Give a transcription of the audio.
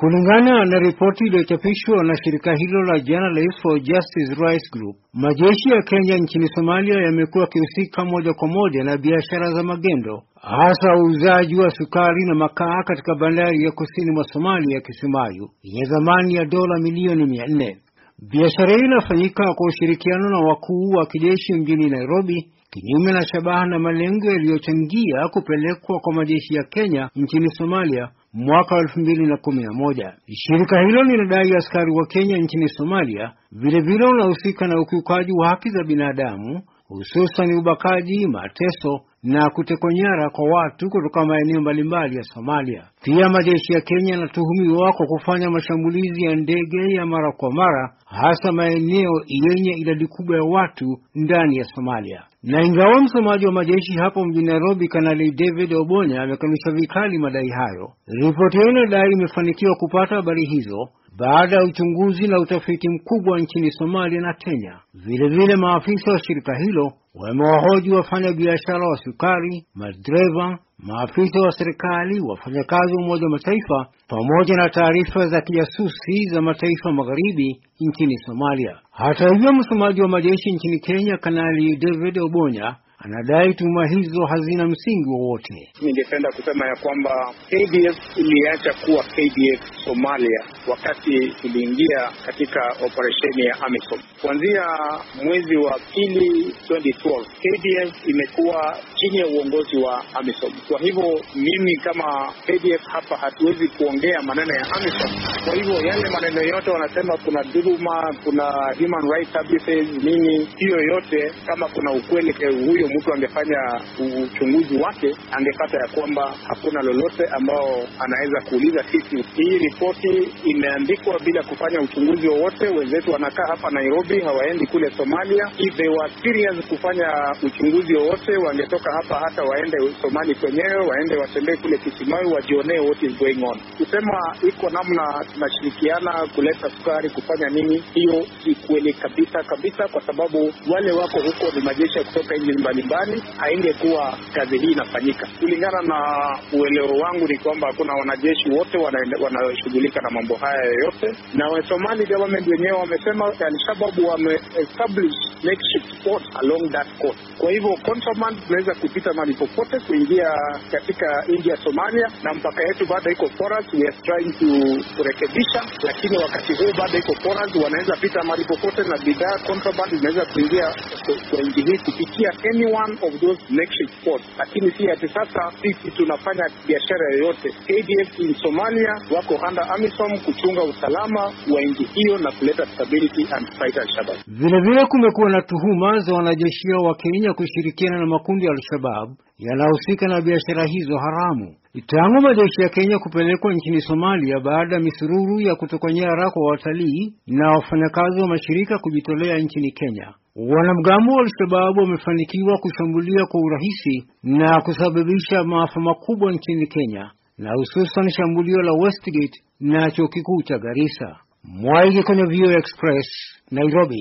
Kulingana na ripoti iliyochapishwa na shirika hilo la Journalists for Justice Rights Group, majeshi ya Kenya nchini Somalia yamekuwa yakihusika moja kwa moja na biashara za magendo, hasa uuzaji wa sukari na makaa katika bandari ya kusini mwa Somalia ya Kisumayu yenye thamani ya dola milioni mia nne. Biashara hii inafanyika kwa ushirikiano na wakuu wa kijeshi mjini Nairobi, kinyume na shabaha na malengo yaliyochangia kupelekwa kwa majeshi ya Kenya nchini Somalia mwaka wa moja. Shirika hilo linadai askari wa Kenya nchini Somalia vilevile unahusika na ukiukaji wa haki za binadamu, hususan ubakaji, mateso na kutekwa nyara kwa watu kutoka maeneo mbalimbali ya Somalia. Pia majeshi ya Kenya yanatuhumiwa kwa kufanya mashambulizi ya ndege ya mara kwa mara, hasa maeneo yenye idadi kubwa ya watu ndani ya Somalia. Na ingawa msemaji wa majeshi hapo mjini Nairobi, Kanali David Obonya amekanusha vikali madai hayo, ripoti hiyo inadai imefanikiwa kupata habari hizo baada ya uchunguzi na utafiti mkubwa nchini Somalia na Kenya. Vilevile, maafisa wa shirika hilo wamewahoji wafanya biashara wa sukari, madereva maafisa wa serikali, wafanyakazi wa Umoja wa Mataifa pamoja na taarifa za kijasusi za mataifa magharibi nchini Somalia. Hata hivyo, msemaji wa majeshi nchini Kenya, Kanali David Obonya anadai tuhuma hizo hazina msingi wowote. Ningependa kusema ya kwamba KDF iliacha kuwa KDF Somalia wakati iliingia katika operesheni ya AMISOM kuanzia mwezi wa pili 2012. KDF imekuwa chini ya uongozi wa AMISOM. Kwa hivyo mimi kama KDF hapa hatuwezi kuongea maneno ya AMISOM. Kwa hivyo yale maneno yote wanasema kuna dhuluma, kuna human rights abuses, nini, hiyo yote kama kuna ukweli eh, huyo huyu mtu angefanya uchunguzi wake, angepata ya kwamba hakuna lolote ambao anaweza kuuliza sisi. Hii ripoti imeandikwa bila kufanya uchunguzi wowote. Wenzetu wanakaa hapa Nairobi, hawaendi kule Somalia. If they were serious kufanya uchunguzi wowote, wangetoka hapa, hata waende Somali kwenyewe, waende watembee kule Kisimayo, wajionee what is going on. Kusema iko namna tunashirikiana kuleta sukari, kufanya nini, hiyo si kweli kabisa kabisa, kwa sababu wale wako huko ni majeshi ya kutoka nchi mbalimbali nyumbani, haingekuwa kazi hii inafanyika. Kulingana na uelewa wangu, ni kwamba kuna wanajeshi wote wanaoshughulika na mambo haya yoyote, na Somali government wenyewe wamesema Alshababu establish make sport along that coast. Kwa hivyo contraband tunaweza kupita mahali popote kuingia katika India, Somalia, na mpaka yetu bado iko porous. We are trying to kurekebisha, lakini wakati huu bado iko porous. Wanaweza pita mahali popote na bidhaa contraband inaweza kuingia kwa nchi hii kupitia any one of those makeshift ports, lakini si ati sasa sisi tunafanya biashara yoyote. ADF in Somalia wako under AMISOM kuchunga usalama wa nchi hiyo na kuleta stability and fight al-Shabaab. vile kumekuwa kumekuwa na tuhuma za wanajeshi wa Kenya kushirikiana na makundi ya Al-Shabab yanahusika na biashara hizo haramu. Tangu majeshi ya Kenya kupelekwa nchini Somalia baada ya misururu ya kutoka nyara kwa watalii na wafanyakazi wa mashirika kujitolea nchini Kenya, wanamgambo wa al shabab wamefanikiwa kushambulia kwa urahisi na kusababisha maafa makubwa nchini Kenya, na hususan shambulio la Westgate na chuo kikuu cha Garissa. Mwaige kwenye Vio Express, Nairobi.